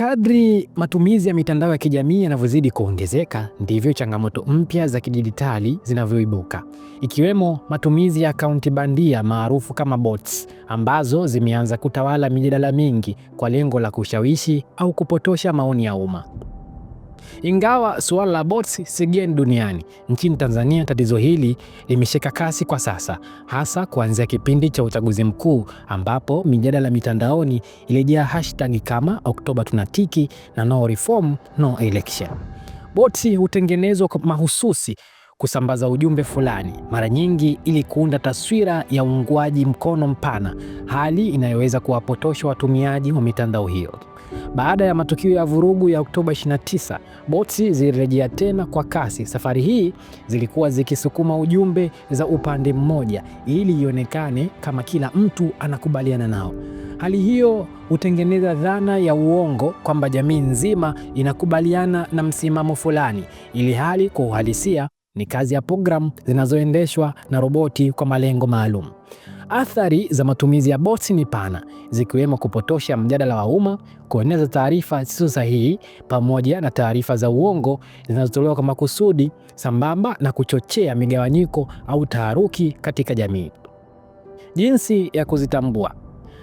Kadri matumizi ya mitandao ya kijamii yanavyozidi kuongezeka, ndivyo changamoto mpya za kidijitali zinavyoibuka, ikiwemo matumizi ya akaunti bandia maarufu kama bots, ambazo zimeanza kutawala mijadala mingi kwa lengo la kushawishi au kupotosha maoni ya umma. Ingawa suala la bots si geni duniani, nchini Tanzania tatizo hili limeshika kasi kwa sasa, hasa kuanzia kipindi cha uchaguzi mkuu ambapo mijadala mitandaoni ilijaa hashtag kama Oktoba tunatiki na no reform no election. Bots hutengenezwa mahususi kusambaza ujumbe fulani, mara nyingi ili kuunda taswira ya uungwaji mkono mpana, hali inayoweza kuwapotosha watumiaji wa mitandao hiyo. Baada ya matukio ya vurugu ya Oktoba 29, boti zilirejea tena kwa kasi. Safari hii zilikuwa zikisukuma ujumbe za upande mmoja ili ionekane kama kila mtu anakubaliana nao. Hali hiyo hutengeneza dhana ya uongo kwamba jamii nzima inakubaliana na msimamo fulani, ili hali kwa uhalisia ni kazi ya programu zinazoendeshwa na roboti kwa malengo maalum. Athari za matumizi ya bots ni pana, zikiwemo kupotosha mjadala wa umma, kueneza taarifa zisizo sahihi, pamoja na taarifa za uongo zinazotolewa kwa makusudi, sambamba na kuchochea migawanyiko au taharuki katika jamii. Jinsi ya kuzitambua.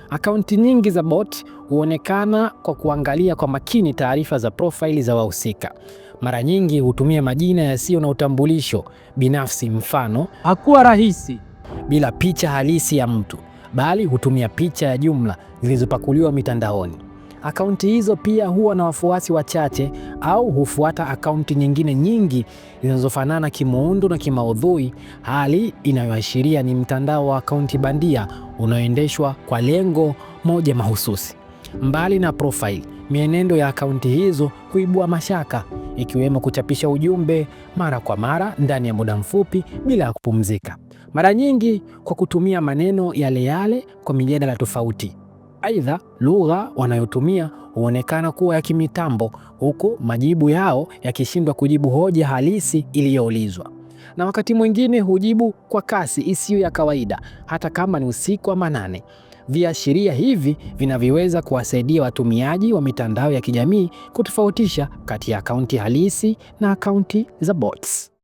Akaunti nyingi za bot huonekana kwa kuangalia kwa makini taarifa za profaili za wahusika. Mara nyingi hutumia majina yasiyo na utambulisho binafsi. Mfano, hakuwa rahisi bila picha halisi ya mtu, bali hutumia picha ya jumla zilizopakuliwa mitandaoni. Akaunti hizo pia huwa na wafuasi wachache au hufuata akaunti nyingine nyingi zinazofanana kimuundo na kimaudhui, hali inayoashiria ni mtandao wa akaunti bandia unaoendeshwa kwa lengo moja mahususi. Mbali na profile, mienendo ya akaunti hizo huibua mashaka ikiwemo kuchapisha ujumbe mara kwa mara ndani ya muda mfupi bila ya kupumzika, mara nyingi kwa kutumia maneno yale yale kwa mijadala tofauti. Aidha, lugha wanayotumia huonekana kuwa ya kimitambo, huku majibu yao yakishindwa kujibu hoja halisi iliyoulizwa, na wakati mwingine hujibu kwa kasi isiyo ya kawaida, hata kama ni usiku wa manane. Viashiria hivi vinavyoweza kuwasaidia watumiaji wa mitandao ya kijamii kutofautisha kati ya akaunti halisi na akaunti za bots.